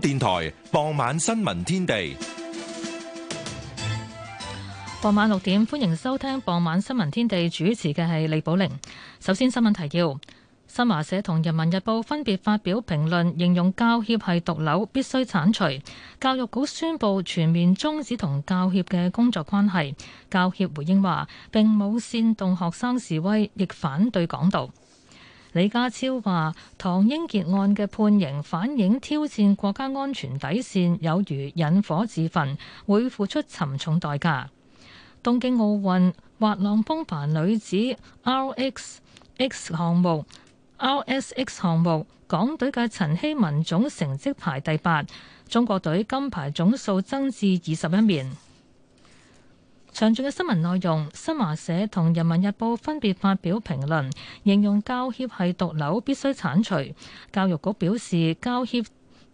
電台傍晚新聞天地，傍晚六點歡迎收聽傍晚新聞天地，主持嘅係李寶玲。首先新聞提要：新華社同人民日報分別發表評論，形容教協係毒瘤，必須鏟除。教育局宣布全面終止同教協嘅工作關係。教協回應話，並冇煽動學生示威，亦反對港獨。李家超話：唐英傑案嘅判刑反映挑戰國家安全底線，有如引火自焚，會付出沉重代價。東京奧運滑浪風帆女子 RXX 項目、RSX 項目，港隊嘅陳希文總成績排第八，中國隊金牌總數增至二十一面。詳盡嘅新聞內容，新華社同人民日報分別發表評論，形容教協係毒瘤，必須剷除。教育局表示，教協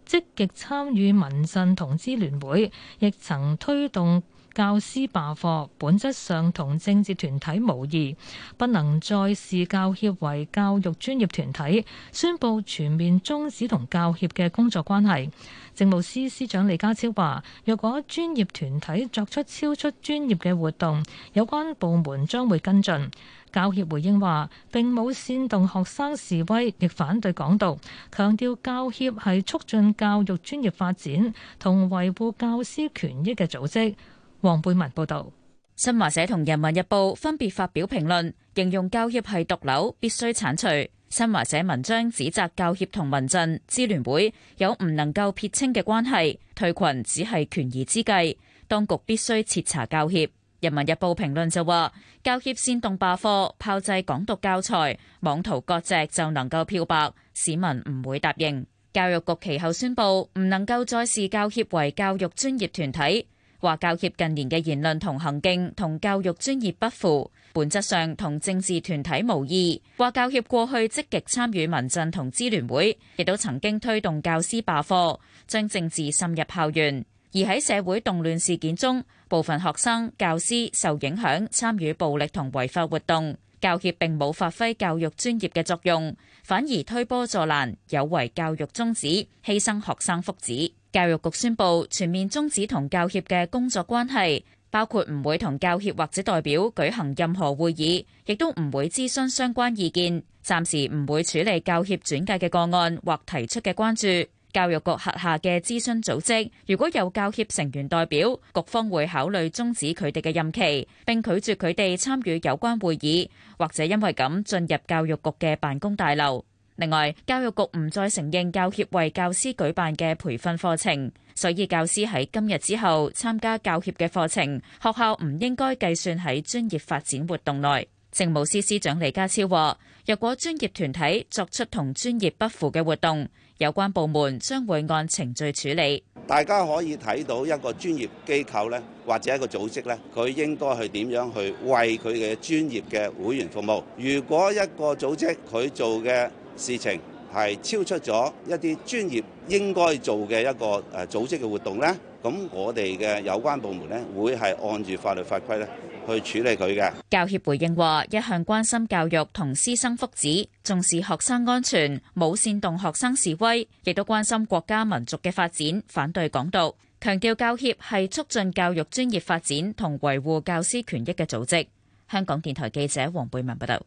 積極參與民陣同支聯會，亦曾推動。教師罷課本質上同政治團體無異，不能再視教協為教育專業團體，宣布全面終止同教協嘅工作關係。政務司司長李家超話，若果專業團體作出超出專業嘅活動，有關部門將會跟進。教協回應話，並冇煽動學生示威，亦反對港獨，強調教協係促進教育專業發展同維護教師權益嘅組織。黃貝文報道，新華社同人民日報分別發表評論，形容教協係毒瘤，必須鏟除。新華社文章指責教協同民陣支聯會有唔能夠撇清嘅關係，退群只係權宜之計，當局必須徹查教協。人民日報評論就話，教協煽動罷課，炮製港獨教材，妄圖割席就能夠漂白，市民唔會答應。教育局其後宣布，唔能夠再視教協為教育專業團體。話教協近年嘅言論同行徑同教育專業不符，本質上同政治團體無異。話教協過去積極參與民陣同支聯會，亦都曾經推動教師罷課，將政治滲入校園。而喺社會動亂事件中，部分學生、教師受影響，參與暴力同違法活動。教協並冇發揮教育專業嘅作用，反而推波助瀾，有違教育宗旨，犧牲學生福祉。教育局宣佈全面終止同教協嘅工作關係，包括唔會同教協或者代表舉行任何會議，亦都唔會諮詢相關意見，暫時唔會處理教協轉介嘅個案或提出嘅關注。教育局轄下嘅諮詢組織，如果有教協成員代表，局方會考慮終止佢哋嘅任期，並拒絕佢哋參與有關會議，或者因為咁進入教育局嘅辦公大樓。另外，教育局唔再承認教協為教師舉辦嘅培訓課程，所以教師喺今日之後參加教協嘅課程，學校唔應該計算喺專業發展活動內。政務司司長李家超話，若果專業團體作出同專業不符嘅活動，有關部門將會按程序處理。大家可以睇到一個專業機構咧，或者一個組織咧，佢應該去點樣去為佢嘅專業嘅會員服務，如果一個組織佢做嘅事情係超出咗一啲專業應該做嘅一個誒組織嘅活動咧，咁我哋嘅有關部門咧會，係按住法律法規咧。去處理佢嘅。教協回應話：一向關心教育同師生福祉，重視學生安全，冇煽動學生示威，亦都關心國家民族嘅發展，反對港獨。強調教協係促進教育專業發展同維護教師權益嘅組織。香港電台記者黃貝文報道。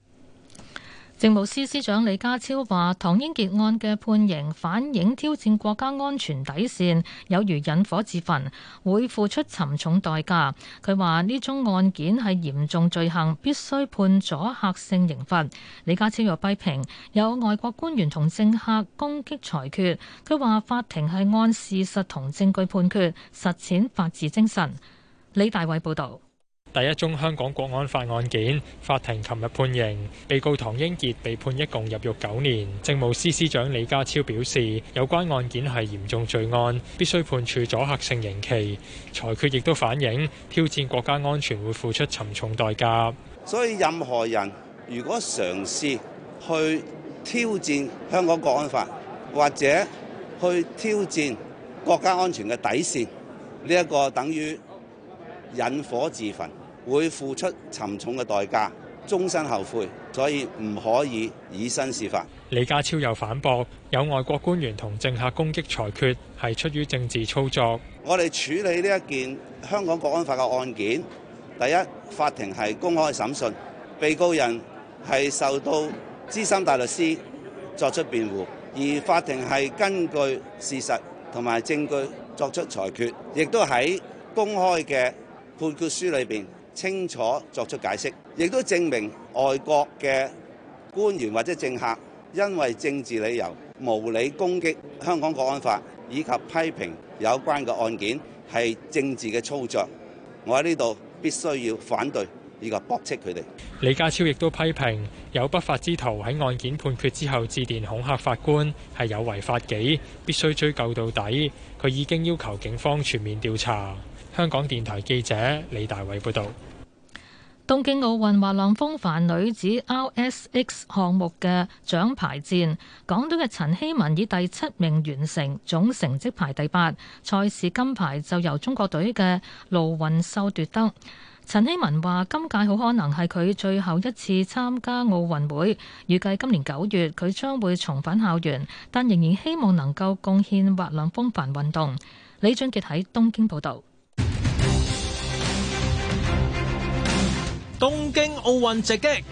政務司司長李家超話，唐英傑案嘅判刑反映挑戰國家安全底線，有如引火自焚，會付出沉重代價。佢話呢宗案件係嚴重罪行，必須判阻嚇性刑罰。李家超又批評有外國官員同政客攻擊裁決，佢話法庭係按事實同證據判決，實踐法治精神。李大偉報道。第一宗香港國安法案件法庭琴日判刑，被告唐英傑被判一共入獄九年。政務司司長李家超表示，有關案件係嚴重罪案，必須判處阻嚇性刑期。裁決亦都反映挑戰國家安全會付出沉重代價，所以任何人如果嘗試去挑戰香港國安法，或者去挑戰國家安全嘅底線呢一個等於引火自焚。會付出沉重嘅代價，終身後悔，所以唔可以以身試法。李家超又反駁，有外國官員同政客攻擊裁決，係出於政治操作。我哋處理呢一件香港國安法嘅案件，第一法庭係公開審訊，被告人係受到資深大律師作出辯護，而法庭係根據事實同埋證據作出裁決，亦都喺公開嘅判決書裏邊，清楚作出解釋，亦都證明外國嘅官員或者政客因為政治理由無理攻擊香港《國安法》，以及批評有關嘅案件係政治嘅操作，我喺呢度必須要反對，以及駁斥佢哋。李家超亦都批評有不法之徒喺案件判決之後致電恐嚇法官，係有違法紀，必須追究到底。佢已經要求警方全面調查。香港電台記者李大偉報道：東京奧運滑浪風帆女子 R S X 項目嘅獎牌戰，港隊嘅陳希文以第七名完成，總成績排第八。賽事金牌就由中國隊嘅盧雲秀奪得。陳希文話：今屆好可能係佢最後一次參加奧運會，預計今年九月佢將會重返校園，但仍然希望能夠貢獻滑浪風帆運動。李俊傑喺東京報道。東京奧運直擊，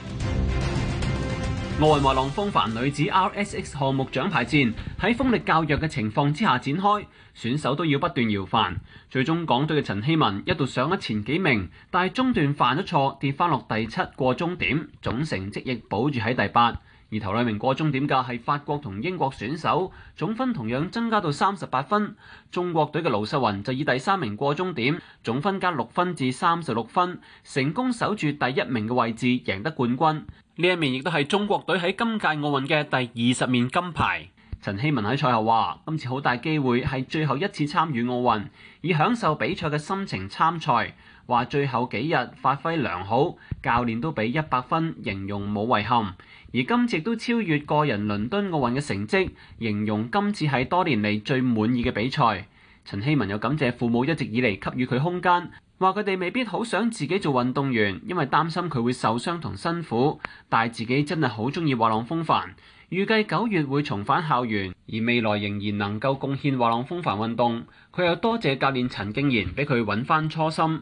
奧運滑浪風帆女子 RSX 項目獎牌戰喺風力較弱嘅情況之下展開，選手都要不斷搖帆。最終港隊嘅陳希文一度上咗前幾名，但係中段犯咗錯，跌翻落第七過終點，過終點總成績亦保住喺第八。而頭兩名過終點嘅係法國同英國選手，總分同樣增加到三十八分。中國隊嘅盧秀雲就以第三名過終點，總分加六分至三十六分，成功守住第一名嘅位置，贏得冠軍。呢一面亦都係中國隊喺今屆奧運嘅第二十面金牌。陳希文喺賽後話：今次好大機會，係最後一次參與奧運，以享受比賽嘅心情參賽。話最後幾日發揮良好，教練都俾一百分，形容冇遺憾。而今次都超越個人倫敦奧運嘅成績，形容今次係多年嚟最滿意嘅比賽。陳希文又感謝父母一直以嚟給予佢空間，話佢哋未必好想自己做運動員，因為擔心佢會受傷同辛苦，但係自己真係好鍾意滑浪風帆。預計九月會重返校園，而未來仍然能夠貢獻滑浪風帆運動。佢又多謝教練陳敬賢，俾佢揾翻初心。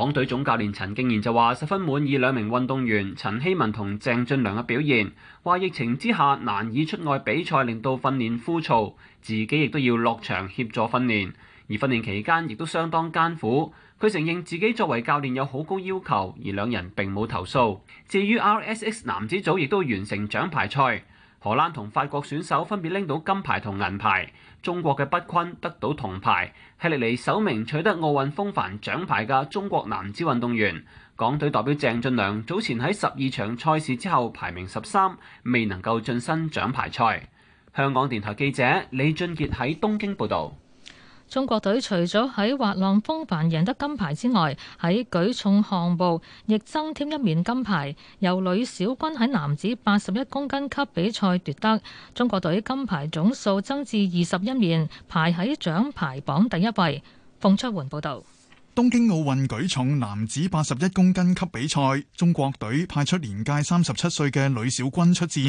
港隊總教練陳敬然就話十分滿意兩名運動員陳希文同鄭俊良嘅表現，話疫情之下難以出外比賽，令到訓練枯燥，自己亦都要落場協助訓練，而訓練期間亦都相當艱苦。佢承認自己作為教練有好高要求，而兩人並冇投訴。至於 RSX 男子組亦都完成獎牌賽，荷蘭同法國選手分別拎到金牌同銀牌。中國嘅畢焜得到銅牌，係歷嚟首名取得奧運風帆獎牌嘅中國男子運動員。港隊代表鄭俊良早前喺十二場賽事之後排名十三，未能夠晉身獎牌賽。香港電台記者李俊傑喺東京報導。中國隊除咗喺滑浪風帆贏得金牌之外，喺舉重項目亦增添一面金牌，由呂小軍喺男子八十一公斤級比賽奪得。中國隊金牌總數增至二十一面，排喺獎牌榜第一位。馮卓桓報道。東京奧運舉重男子八十一公斤級比賽，中國隊派出年屆三十七歲嘅呂小軍出戰。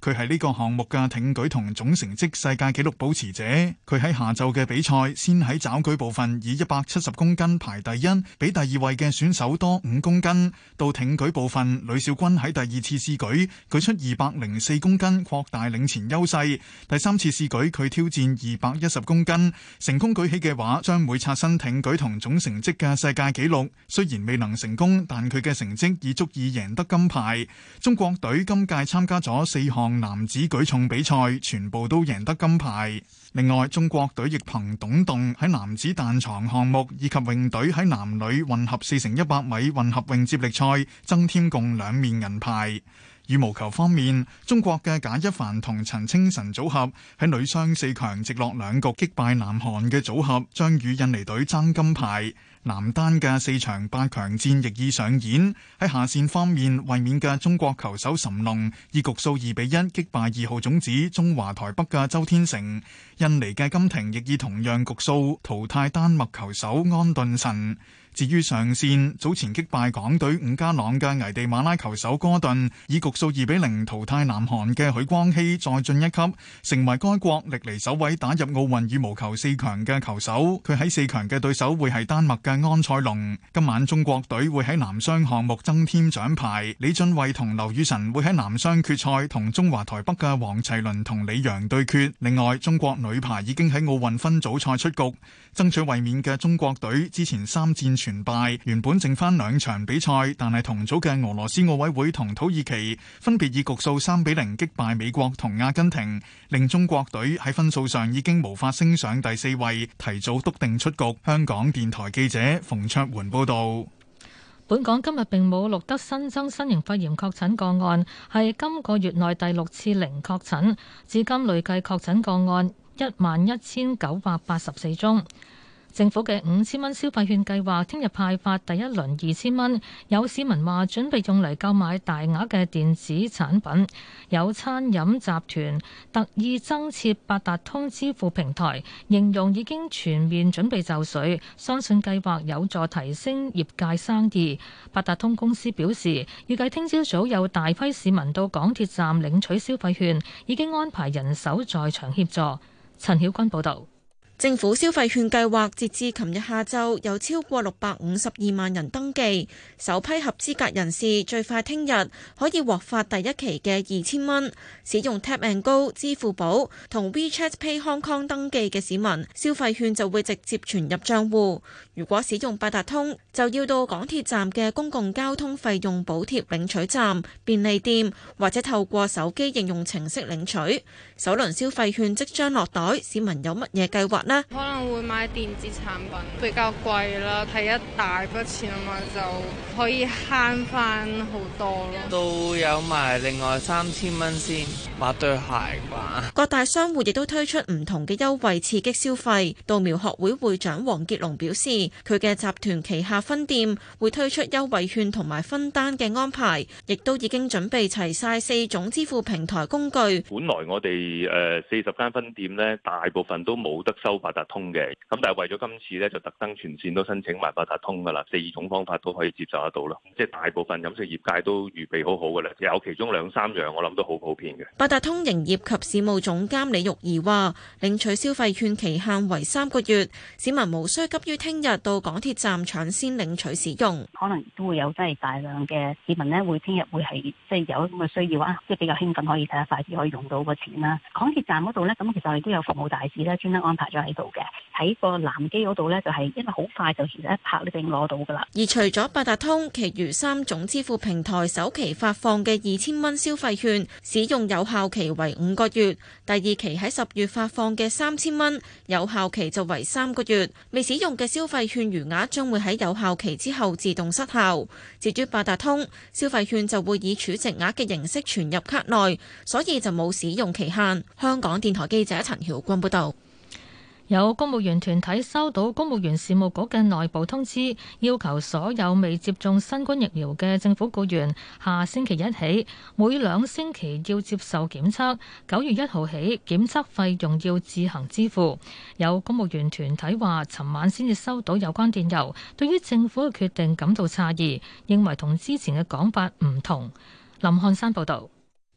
佢係呢個項目嘅挺舉同總成績世界紀錄保持者。佢喺下晝嘅比賽，先喺抓舉部分以一百七十公斤排第一，比第二位嘅選手多五公斤。到挺舉部分，呂小軍喺第二次試舉舉出二百零四公斤，擴大領前優勢。第三次試舉，佢挑戰二百一十公斤，成功舉起嘅話，將會刷新挺舉同總成績。嘅世界紀錄，雖然未能成功，但佢嘅成績已足以贏得金牌。中國隊今屆參加咗四項男子舉重比賽，全部都贏得金牌。另外，中國隊亦憑董棟喺男子彈床項目以及泳隊喺男女混合四乘一百米混合泳接力賽，增添共兩面銀牌。羽毛球方面，中國嘅賈一凡同陳清晨組合喺女雙四強直落兩局擊敗南韓嘅組合，將與印尼隊爭金牌。男單嘅四場八強戰亦已上演。喺下線方面，衛冕嘅中國球手諶龍以局數二比一擊敗二號種子中華台北嘅周天成。印尼嘅金廷亦以同樣局數淘汰丹麥球手安頓臣。至於上線，早前擊敗港隊伍家朗嘅危地馬拉球手哥頓以局數二比零淘汰南韓嘅許光熙，再進一級，成為該國歷嚟首位打入奧運羽毛球四強嘅球手。佢喺四強嘅對手會係丹麥嘅安賽龍。今晚中國隊會喺男雙項目增添獎牌，李俊慧同劉雨辰會喺男雙決賽同中華台北嘅王齊麟同李洋對決。另外，中國女排已經喺奧運分組賽出局，爭取衛冕嘅中國隊之前三戰全敗，原本剩翻兩場比賽，但係同組嘅俄羅斯奧委會同土耳其分別以局數三比零擊敗美國同阿根廷，令中國隊喺分數上已經無法升上第四位，提早篤定出局。香港電台記者。馮卓桓報道：本港今日並冇錄得新增新型肺炎確診個案，係今個月內第六次零確診，至今累計確診個案一萬一千九百八十四宗。政府嘅五千蚊消費券計劃聽日派發第一輪二千蚊，有市民話準備用嚟購買大額嘅電子產品。有餐飲集團特意增設八達通支付平台，形容已經全面準備就緒，相信計劃有助提升業界生意。八達通公司表示，預計聽朝早有大批市民到港鐵站領取消費券，已經安排人手在場協助。陳曉君報道。政府消費券計劃截至琴日下晝有超過六百五十二萬人登記，首批合資格人士最快聽日可以獲發第一期嘅二千蚊。使用 Tap and Go、支付寶同 WeChat Pay Hong Kong 登記嘅市民，消費券就會直接存入帳戶。如果使用八達通，就要到港鐵站嘅公共交通費用補貼領取站、便利店或者透過手機應用程式領取。首輪消費券即將落袋，市民有乜嘢計劃呢？可能會買電子產品比較貴啦，睇一大筆錢啊嘛就可以慳翻好多咯。都有埋另外三千蚊先買對鞋啩。各大商戶亦都推出唔同嘅優惠刺激消費。稻苗學會會長黃傑龍表示，佢嘅集團旗下分店會推出優惠券同埋分單嘅安排，亦都已經準備齊晒四種支付平台工具。本來我哋而四十間分店咧，大部分都冇得收八達通嘅，咁但係為咗今次咧，就特登全線都申請埋八達通噶啦，四種方法都可以接受得到咯，即係大部分飲食業界都預備好好噶啦，有其中兩三樣我諗都好普遍嘅。八達通營業及市務總監李玉儀話，領取消費券期限為三個月，市民無需急於聽日到港鐵站搶先領取使用。可能都會有即係大量嘅市民咧，會聽日會係即係有咁嘅需要啊，即係比較興奮可以睇下快啲可以用到個錢啦。港鐵站嗰度呢，咁其實我亦都有服務大使咧，專登安排咗喺度嘅。喺個南機嗰度呢，就係因為好快就其實一拍你已經攞到噶啦。而除咗八達通，其餘三種支付平台首期發放嘅二千蚊消費券，使用有效期為五個月。第二期喺十月發放嘅三千蚊，有效期就為三個月。未使用嘅消費券餘額將會喺有效期之後自動失效。至於八達通消費券就會以儲值額嘅形式存入卡內，所以就冇使用期限。香港電台記者陳曉君報道，有公務員團體收到公務員事務局嘅內部通知，要求所有未接種新冠疫苗嘅政府僱員下星期一起，每兩星期要接受檢測。九月一號起，檢測費用要自行支付。有公務員團體話，尋晚先至收到有關電郵，對於政府嘅決定感到詫異，認為同之前嘅講法唔同。林漢山報道。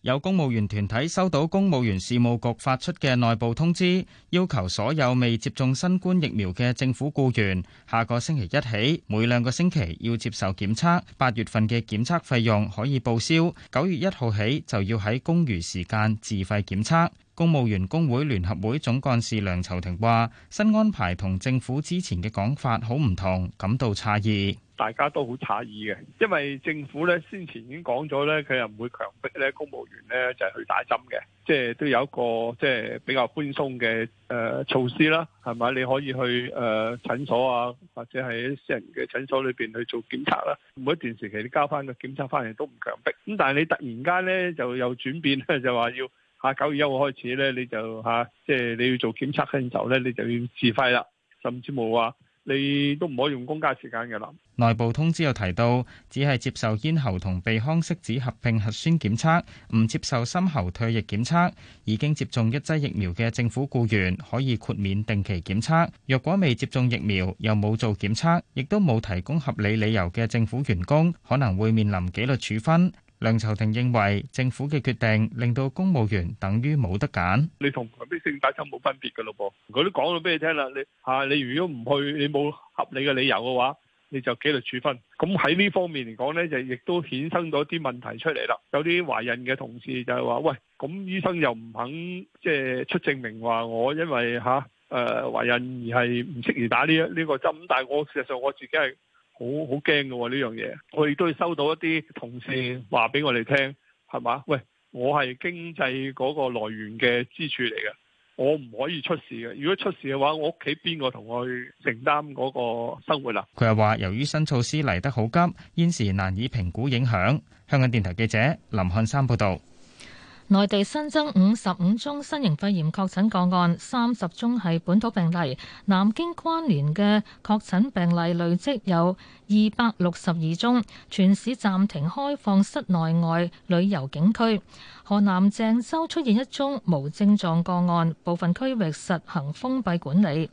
有公務員團體收到公務員事務局發出嘅內部通知，要求所有未接種新冠疫苗嘅政府雇員，下個星期一起每兩個星期要接受檢測，八月份嘅檢測費用可以報銷，九月一號起就要喺公餘時間自費檢測。公務員工會聯合會總幹事梁籌庭話：新安排同政府之前嘅講法好唔同，感到詫異。大家都好詫異嘅，因為政府呢先前已經講咗呢佢又唔會強迫呢公務員呢就係、去打針嘅，即係都有一個即係比較寬鬆嘅誒、呃、措施啦，係咪？你可以去誒、呃、診所啊，或者係私人嘅診所裏邊去做檢查啦。每一段時期你交翻個檢查翻嚟都唔強迫，咁但係你突然間呢就有轉變咧，就話要下九月一號開始呢，你就嚇、啊，即係你要做檢查嗰陣時候呢，你就要自費啦，甚至冇話。你都唔可以用公假時間嘅啦。內部通知又提到，只係接受咽喉同鼻腔拭子合併核酸檢測，唔接受深喉唾液檢測。已經接種一劑疫苗嘅政府雇員可以豁免定期檢測。若果未接種疫苗又冇做檢測，亦都冇提供合理理由嘅政府員工，可能會面臨紀律處分。梁籌庭認為政府嘅決定令到公務員等於冇得揀，你同嗰啲性打針冇分別噶咯噃。我都講咗俾你聽啦，你吓你如果唔去，你冇合理嘅理由嘅話，你就紀律處分。咁喺呢方面嚟講咧，就亦都衍生咗啲問題出嚟啦。有啲懷孕嘅同事就係話，喂，咁醫生又唔肯即係出證明話我因為吓誒懷孕而係唔適宜打呢一呢個針。咁但係我事實上我自己係。好好驚嘅呢樣嘢，我亦都收到一啲同事話俾我哋聽，係嘛？喂，我係經濟嗰個來源嘅支柱嚟嘅，我唔可以出事嘅。如果出事嘅話，我屋企邊個同我承擔嗰個生活啊？佢又話由於新措施嚟得好急，現時難以評估影響。香港電台記者林漢山報道。內地新增五十五宗新型肺炎確診個案，三十宗係本土病例。南京關聯嘅確診病例累積有二百六十二宗，全市暫停開放室內外旅遊景區。河南鄭州出現一宗無症狀個案，部分區域實行封閉管理。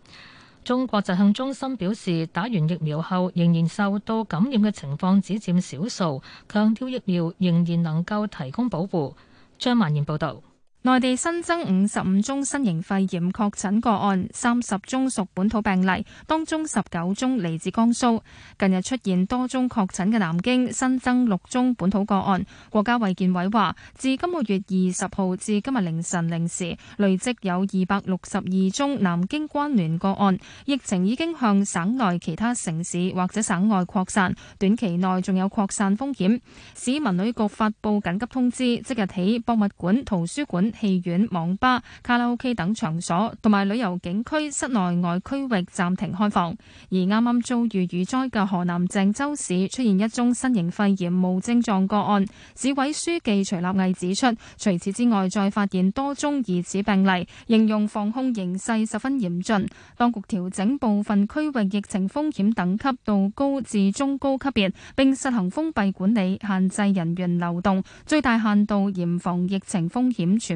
中國疾控中心表示，打完疫苗後仍然受到感染嘅情況只佔少數，強調疫苗仍然能夠提供保護。張萬言報道。內地新增五十五宗新型肺炎確診個案，三十宗屬本土病例，當中十九宗嚟自江蘇。近日出現多宗確診嘅南京新增六宗本土個案。國家衛健委話，自今個月二十號至今日凌晨零時，累積有二百六十二宗南京關聯個案，疫情已經向省內其他城市或者省外擴散，短期內仲有擴散風險。市文旅局發布緊急通知，即日起博物館、圖書館、戲院網吧、卡拉 OK 等場所同埋旅遊景區室內外區域暫停開放。而啱啱遭遇雨災嘅河南鄭州市出現一宗新型肺炎無症狀個案，市委書記徐立毅指出，除此之外再發現多宗疑似病例，形容防控形勢十分嚴峻。當局調整部分區域疫情風險等級到高至中高級別，並實行封閉管理，限制人員流動，最大限度嚴防疫情風險傳。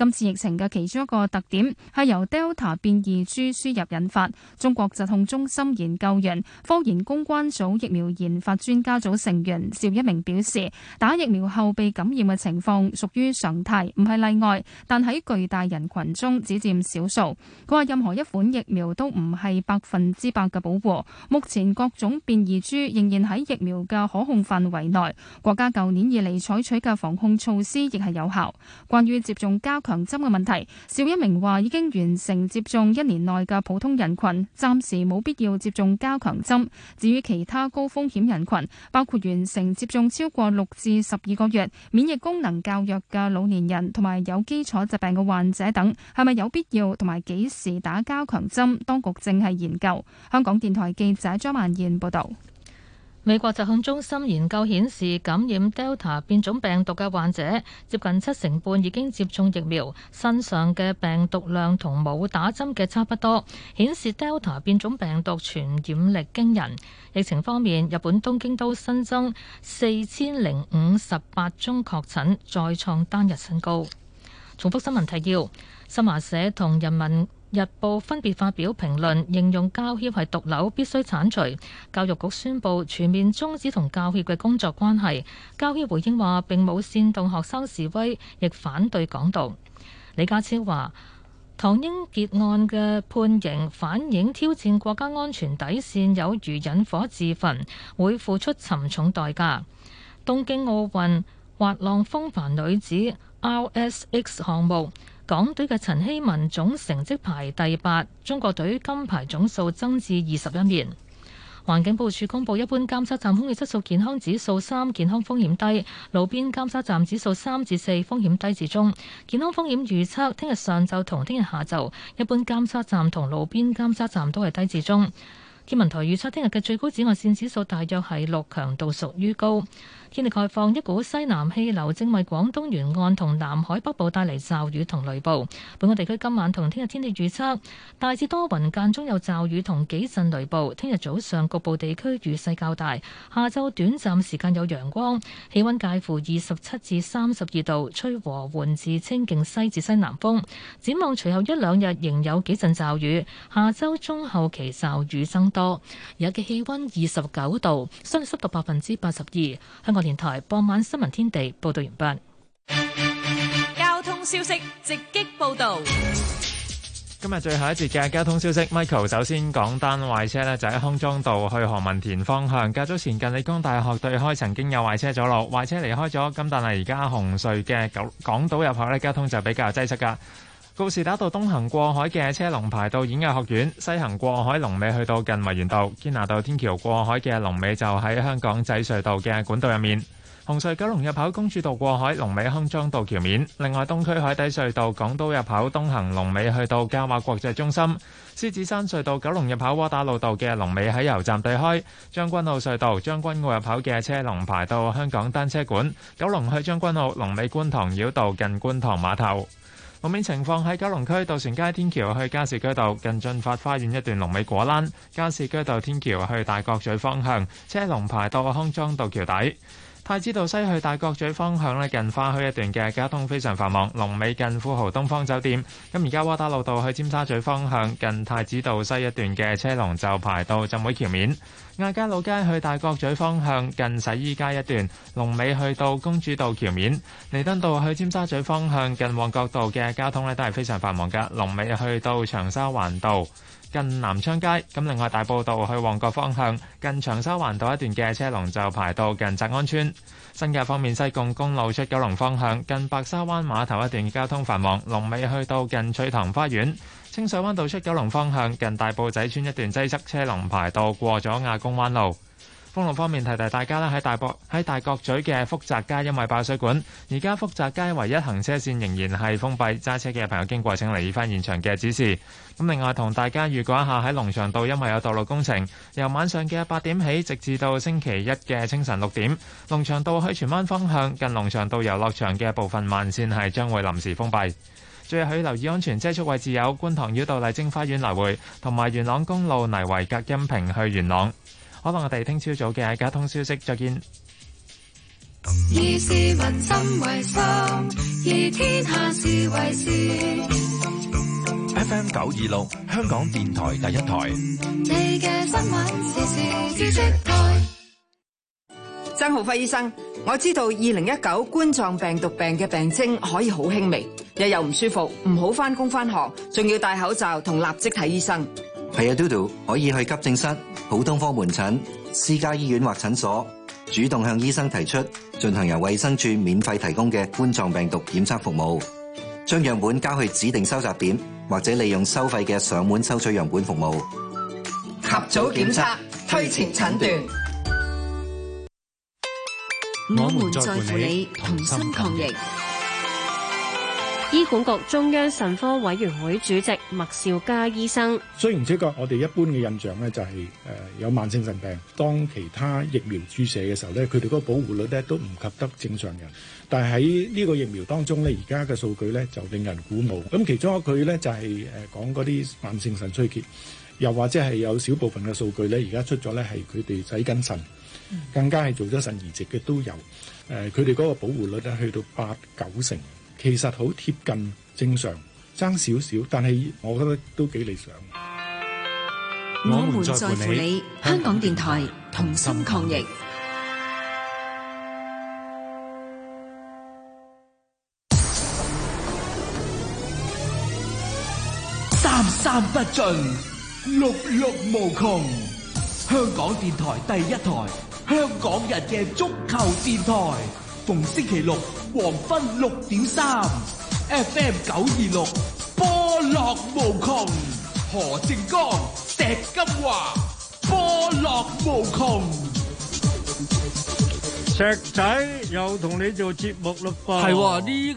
今次疫情嘅其中一個特點係由 Delta 變異株輸入引發。中國疾控中心研究員、科研公關組疫苗研發專家組成員邵一鳴表示，打疫苗後被感染嘅情況屬於常態，唔係例外，但喺巨大人群中只佔少數。佢話任何一款疫苗都唔係百分之百嘅保護。目前各種變異株仍然喺疫苗嘅可控範圍內，國家舊年以嚟採取嘅防控措施亦係有效。關於接種加強。強針嘅問題，邵一鳴話已經完成接種一年內嘅普通人群，暫時冇必要接種加強針。至於其他高風險人群，包括完成接種超過六至十二個月、免疫功能較弱嘅老年人，同埋有基礎疾病嘅患者等，係咪有必要同埋幾時打加強針？當局正係研究。香港電台記者張曼燕報道。美國疾控中心研究顯示，感染 Delta 變種病毒嘅患者接近七成半已經接種疫苗，身上嘅病毒量同冇打針嘅差不多，顯示 Delta 變種病毒傳染力驚人。疫情方面，日本東京都新增四千零五十八宗確診，再創單日新高。重複新聞提要：新華社同人民。日報分別發表評論，形容教協係毒瘤，必須剷除。教育局宣布全面終止同教協嘅工作關係。教協回應話並冇煽動學生示威，亦反對港獨。李家超話：唐英傑案嘅判刑反映挑戰國家安全底線有如引火自焚，會付出沉重代價。東京奧運滑浪風帆女子 RSX 項目。港隊嘅陳希文總成績排第八，中國隊金牌總數增至二十一面。環境保護署公布，一般監測站空氣質素健康指數三，健康風險低；路邊監測站指數三至四，風險低至中。健康風險預測，聽日上晝同聽日下晝，一般監測站同路邊監測站都係低至中。天文台預測聽日嘅最高紫外線指數大約係六，強度屬於高。天氣概況：一股西南氣流正為廣東沿岸同南海北部帶嚟驟雨同雷暴。本港地區今晚同聽日天氣預測大致多雲，間中有驟雨同幾陣雷暴。聽日早上局部地區雨勢較大，下晝短暫時間有陽光。氣温介乎二十七至三十二度，吹和緩至清勁西至西南風。展望隨後一兩日仍有幾陣驟雨，下周中後期驟雨增多。多，而家嘅氣温二十九度，相對濕度百分之八十二。香港電台傍晚新聞天地報道完畢。交通消息直擊報道，今日最後一節嘅交通消息，Michael 首先講單壞車呢，就喺康莊道去何文田方向，較早前近理工大學對開曾經有壞車阻路，壞車離開咗，咁但係而家紅隧嘅港港島入口呢，交通就比較擠塞噶。告士打道東行過海嘅車龍排到演藝學院，西行過海龍尾去到近維園道。堅拿道天橋過海嘅龍尾就喺香港仔隧道嘅管道入面。紅隧九龍入口公主道過海龍尾，康莊道橋面。另外，東區海底隧道港島入口東行龍尾去到嘉華國際中心。獅子山隧道九龍入口窩打路道嘅龍尾喺油站對開。將軍澳隧道將軍澳入口嘅車龍排到香港單車館。九龍去將軍澳龍尾觀塘繞道近觀塘碼頭。路面情況喺九龍區渡船街天橋去加士居道近駿發花園一段龍尾果欄，加士居道天橋去大角咀方向車龍排到個康莊道橋底。太子道西去大角咀方向咧，近花墟一段嘅交通非常繁忙。龍尾近富豪東方酒店。咁而家窩打老道去尖沙咀方向，近太子道西一段嘅車龍就排到浸會橋面。亞皆老街去大角咀方向近洗衣街一段，龍尾去到公主道橋面。彌敦道去尖沙咀方向近旺角道嘅交通咧都係非常繁忙嘅，龍尾去到長沙灣道。近南昌街，咁另外大埔道去旺角方向，近長沙環道一段嘅車龍就排到近澤安村。新界方面，西貢公路出九龍方向，近白沙灣碼頭一段交通繁忙，龍尾去到近翠塘花園。清水灣道出九龍方向，近大埔仔村一段擠塞車龍排到過咗亞公灣路。公路方面，提提大家啦！喺大博喺大角咀嘅福澤街，因為爆水管，而家福澤街唯一行車線仍然係封閉，揸車嘅朋友經過請留意翻現場嘅指示。咁另外同大家預告一下，喺農場道因為有道路工程，由晚上嘅八點起，直至到星期一嘅清晨六點，農場道去荃灣方向近農場道遊樂場嘅部分慢線係將會臨時封閉。最後要留意安全車速位置，有觀塘繞道麗晶花園來回，同埋元朗公路泥圍隔音屏去元朗。可能我哋聽朝早嘅交通消息，再見。以市民心為心，以天下事為事。FM 九二六，香港電台第一台。你嘅新聞時事資訊台。曾浩輝醫生，我知道二零一九冠狀病毒病嘅病徵可以好輕微，日又唔舒服，唔好返工返學，仲要戴口罩同立即睇醫生。係啊，嘟嘟可以去急症室、普通科門診、私家醫院或診所，主動向醫生提出進行由衛生署免費提供嘅冠狀病毒檢測服務，將樣本交去指定收集點，或者利用收費嘅上門收取樣本服務。及早檢測，推前診斷。診斷我們在乎你，同心抗疫。醫管局中央腎科委員會主席麥兆嘉醫生：雖然呢個我哋一般嘅印象咧就係誒有慢性腎病，當其他疫苗注射嘅時候咧，佢哋嗰個保護率咧都唔及得正常人。但係喺呢個疫苗當中咧，而家嘅數據咧就令人鼓舞。咁其中一句咧就係誒講嗰啲慢性腎衰竭，又或者係有少部分嘅數據咧，而家出咗咧係佢哋洗緊腎，更加係做咗腎移植嘅都有。誒，佢哋嗰個保護率咧去到八九成。其實好貼近正常，爭少少，但係我覺得都幾理想。我們在乎你，香港電台同心抗疫。三三不盡，六六無窮。香港電台第一台，香港人嘅足球電台。逢星期六黃昏六點三，FM 九二六，波樂無窮，何正剛、石金華，波樂無窮。石仔又同你做節目咯，係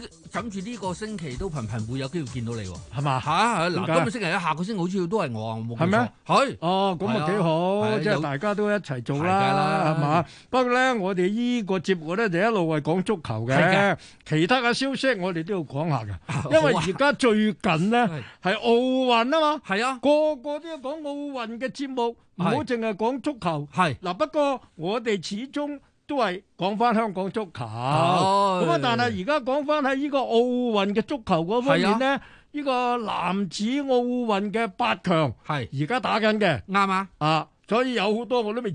呢？諗住呢個星期都頻頻會有機會見到你，係嘛吓？嗱，今個星期啊，下個星期好似要，都係我項目，係咩？係哦，咁啊幾好，即係大家都一齊做啦，係嘛？不過咧，我哋呢個節目咧就一路係講足球嘅，其他嘅消息我哋都要講下噶，因為而家最近呢係奧運啊嘛，係啊，個個都要講奧運嘅節目，唔好淨係講足球。係嗱，不過我哋始終。都係講翻香港足球，咁、oh, 啊！但係而家講翻喺呢個奧運嘅足球嗰方面咧，呢個男子奧運嘅八強係而家打緊嘅，啱啊是！啊，所以有好多我都未。